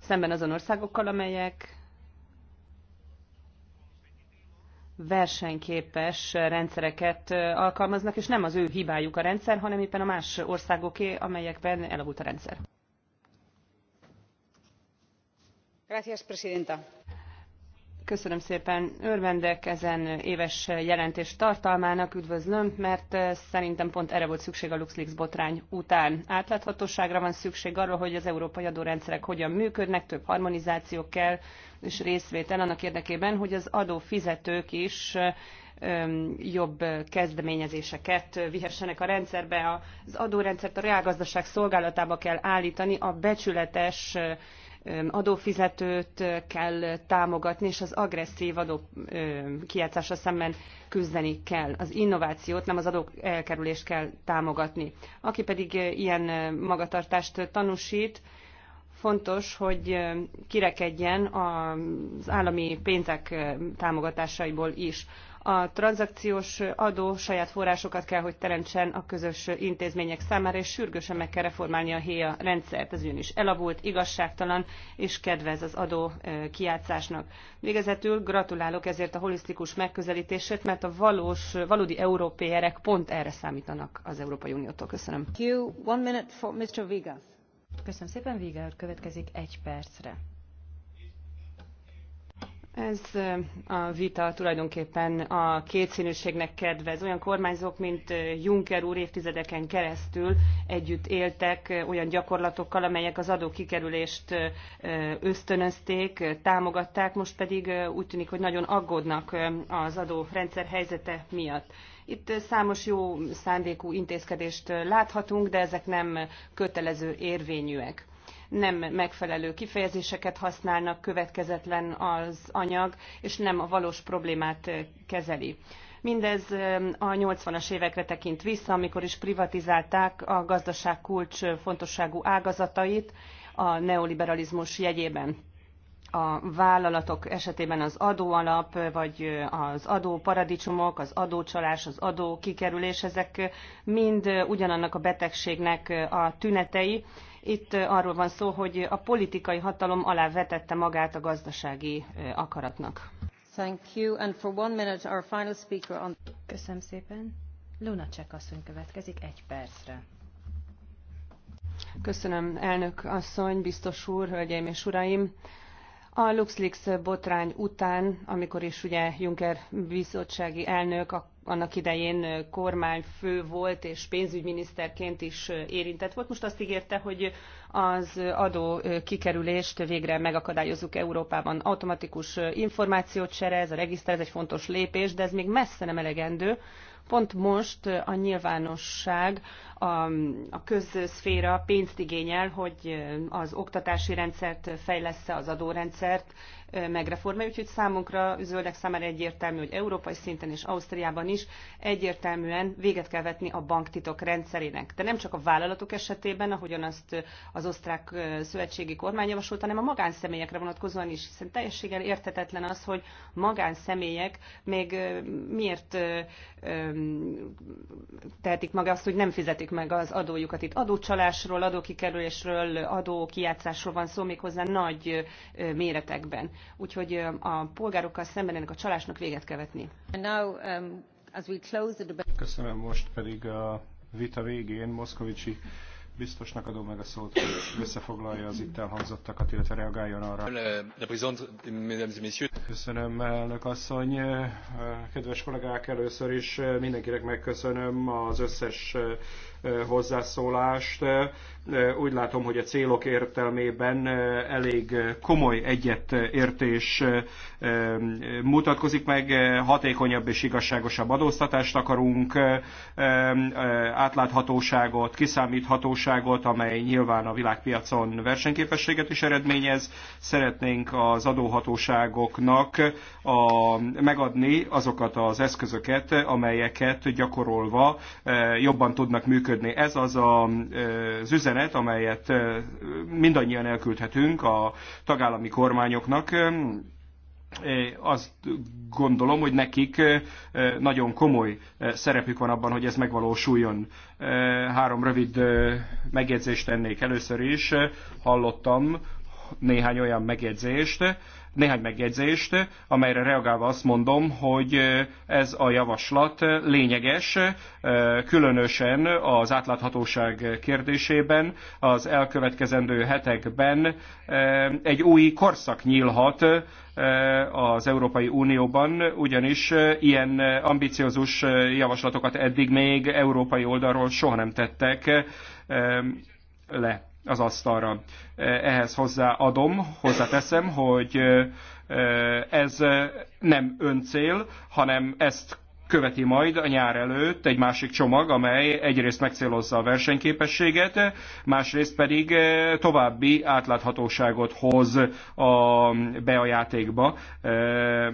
szemben azon országokkal, amelyek versenyképes rendszereket alkalmaznak, és nem az ő hibájuk a rendszer, hanem éppen a más országoké, amelyekben elavult a rendszer. Gracias, presidenta Köszönöm szépen. Örvendek ezen éves jelentés tartalmának, üdvözlöm, mert eh, szerintem pont erre volt szükség a LuxLeaks botrány után. Átláthatóságra van szükség arról, hogy az európai adórendszerek hogyan működnek, több harmonizáció kell és részvétel annak érdekében, hogy az adófizetők is eh, jobb kezdeményezéseket vihessenek a rendszerbe. Az adórendszert a reálgazdaság szolgálatába kell állítani, a becsületes eh, adófizetőt kell támogatni, és az agresszív adó kijátszásra szemben küzdeni kell. Az innovációt, nem az adók elkerülést kell támogatni. Aki pedig ilyen magatartást tanúsít, fontos, hogy kirekedjen az állami pénzek támogatásaiból is a tranzakciós adó saját forrásokat kell, hogy teremtsen a közös intézmények számára, és sürgősen meg kell reformálni a héja rendszert. Ez ugyanis elavult, igazságtalan, és kedvez az adó kiátszásnak. Végezetül gratulálok ezért a holisztikus megközelítésért, mert a valós, valódi európéerek pont erre számítanak az Európai Uniótól. Köszönöm. Köszönöm szépen, Viga következik egy percre. Ez a vita tulajdonképpen a kétszínűségnek kedvez. Olyan kormányzók, mint Juncker úr évtizedeken keresztül együtt éltek olyan gyakorlatokkal, amelyek az adókikerülést ösztönözték, támogatták, most pedig úgy tűnik, hogy nagyon aggódnak az adórendszer helyzete miatt. Itt számos jó szándékú intézkedést láthatunk, de ezek nem kötelező érvényűek nem megfelelő kifejezéseket használnak, következetlen az anyag, és nem a valós problémát kezeli. Mindez a 80-as évekre tekint vissza, amikor is privatizálták a gazdaság kulcsfontosságú ágazatait a neoliberalizmus jegyében a vállalatok esetében az adóalap, vagy az adóparadicsomok, az adócsalás, az kikerülés, ezek mind ugyanannak a betegségnek a tünetei. Itt arról van szó, hogy a politikai hatalom alá vetette magát a gazdasági akaratnak. Thank you. And for one minute, our final speaker on... Köszönöm szépen. Luna Csek asszony következik egy percre. Köszönöm, elnök asszony, biztos úr, hölgyeim és uraim. A LuxLeaks botrány után, amikor is ugye Juncker bizottsági elnök annak idején kormányfő volt és pénzügyminiszterként is érintett volt, most azt ígérte, hogy az adó kikerülést végre megakadályozzuk Európában. Automatikus információt csere, ez a regiszter, ez egy fontos lépés, de ez még messze nem elegendő Pont most a nyilvánosság, a, a közszféra pénzt igényel, hogy az oktatási rendszert fejlessze az adórendszert, megreformálja. Úgyhogy számunkra, zöldek számára egyértelmű, hogy európai szinten és Ausztriában is egyértelműen véget kell vetni a banktitok rendszerének. De nem csak a vállalatok esetében, ahogyan azt az osztrák szövetségi kormány javasolt, hanem a magánszemélyekre vonatkozóan is, hiszen teljességgel értetetlen az, hogy magánszemélyek még miért tehetik maga azt, hogy nem fizetik meg az adójukat. Itt adócsalásról, adókikerülésről, adókijátszásról van szó méghozzá nagy méretekben úgyhogy a polgárokkal szemben ennek a csalásnak véget kell vetni. Um, Köszönöm, most pedig a vita végén Moszkovicsi biztosnak adom meg a szót, hogy összefoglalja az itt elhangzottakat, illetve reagáljon arra. Köszönöm, elnök asszony. Kedves kollégák, először is mindenkinek megköszönöm az összes hozzászólást. Úgy látom, hogy a célok értelmében elég komoly egyetértés mutatkozik meg, hatékonyabb és igazságosabb adóztatást akarunk, átláthatóságot, kiszámíthatóságot, amely nyilván a világpiacon versenyképességet is eredményez. Szeretnénk az adóhatóságoknak a, megadni azokat az eszközöket, amelyeket gyakorolva jobban tudnak működni. Ez az a, az üzenet, üzenet, amelyet mindannyian elküldhetünk a tagállami kormányoknak, azt gondolom, hogy nekik nagyon komoly szerepük van abban, hogy ez megvalósuljon. Három rövid megjegyzést tennék először is. Hallottam néhány olyan megjegyzést, néhány megjegyzést, amelyre reagálva azt mondom, hogy ez a javaslat lényeges, különösen az átláthatóság kérdésében az elkövetkezendő hetekben egy új korszak nyílhat az Európai Unióban, ugyanis ilyen ambiciózus javaslatokat eddig még európai oldalról soha nem tettek le az asztalra. E, ehhez hozzáadom, hozzáteszem, hogy e, e, ez nem öncél, hanem ezt követi majd a nyár előtt egy másik csomag, amely egyrészt megcélozza a versenyképességet, másrészt pedig eh, további átláthatóságot hoz a, be a játékba, eh,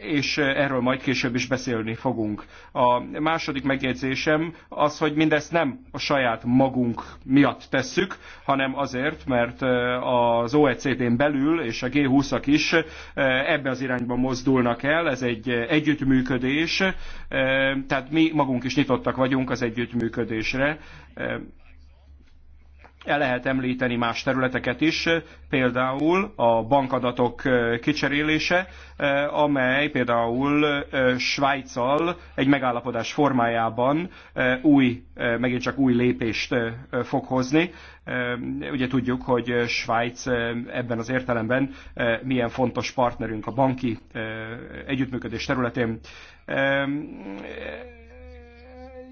és erről majd később is beszélni fogunk. A második megjegyzésem az, hogy mindezt nem a saját magunk miatt tesszük, hanem azért, mert eh, az OECD-n belül és a G20-ak is ebbe az irányba mozdulnak el, ez egy együttműködés, tehát mi magunk is nyitottak vagyunk az együttműködésre. El lehet említeni más területeket is, például a bankadatok kicserélése, amely például Svájccal egy megállapodás formájában új, megint csak új lépést fog hozni. Ugye tudjuk, hogy Svájc ebben az értelemben milyen fontos partnerünk a banki együttműködés területén.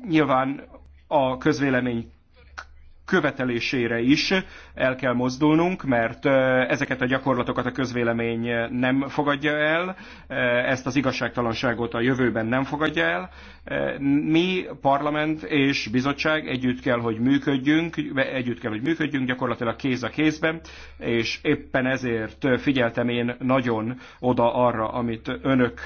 Nyilván a közvélemény követelésére is el kell mozdulnunk, mert ezeket a gyakorlatokat a közvélemény nem fogadja el, ezt az igazságtalanságot a jövőben nem fogadja el. Mi, parlament és bizottság együtt kell, hogy működjünk, együtt kell, hogy működjünk gyakorlatilag kéz a kézben, és éppen ezért figyeltem én nagyon oda arra, amit önök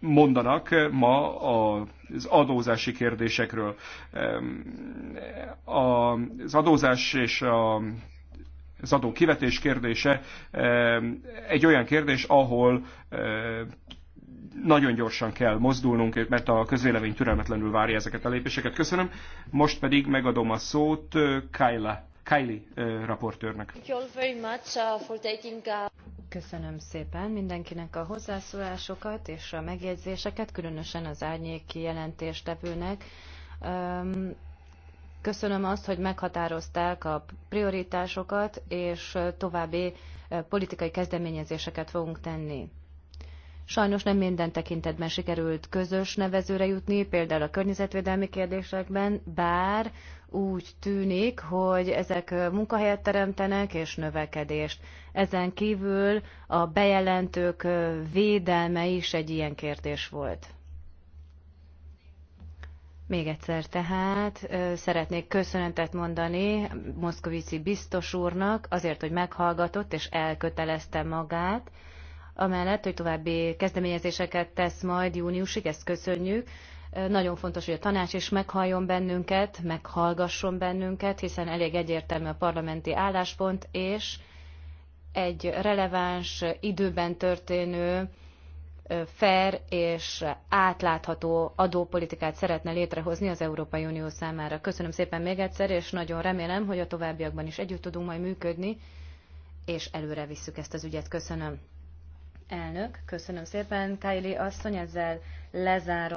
mondanak ma a az adózási kérdésekről. Az adózás és a az adó kivetés kérdése egy olyan kérdés, ahol nagyon gyorsan kell mozdulnunk, mert a közvélemény türelmetlenül várja ezeket a lépéseket. Köszönöm. Most pedig megadom a szót eh, Kyla, Kylie eh, raportőrnek. Köszönöm szépen mindenkinek a hozzászólásokat és a megjegyzéseket, különösen az árnyéki jelentéstevőnek. Köszönöm azt, hogy meghatározták a prioritásokat, és további politikai kezdeményezéseket fogunk tenni. Sajnos nem minden tekintetben sikerült közös nevezőre jutni, például a környezetvédelmi kérdésekben, bár úgy tűnik, hogy ezek munkahelyet teremtenek és növekedést. Ezen kívül a bejelentők védelme is egy ilyen kérdés volt. Még egyszer tehát szeretnék köszönetet mondani Moszkovici biztos úrnak azért, hogy meghallgatott és elkötelezte magát, amellett, hogy további kezdeményezéseket tesz majd júniusig, ezt köszönjük. Nagyon fontos, hogy a tanács is meghalljon bennünket, meghallgasson bennünket, hiszen elég egyértelmű a parlamenti álláspont, és egy releváns, időben történő, fair és átlátható adópolitikát szeretne létrehozni az Európai Unió számára. Köszönöm szépen még egyszer, és nagyon remélem, hogy a továbbiakban is együtt tudunk majd működni, és előre visszük ezt az ügyet. Köszönöm. Elnök, köszönöm szépen. Kylie asszony, ezzel lezárom.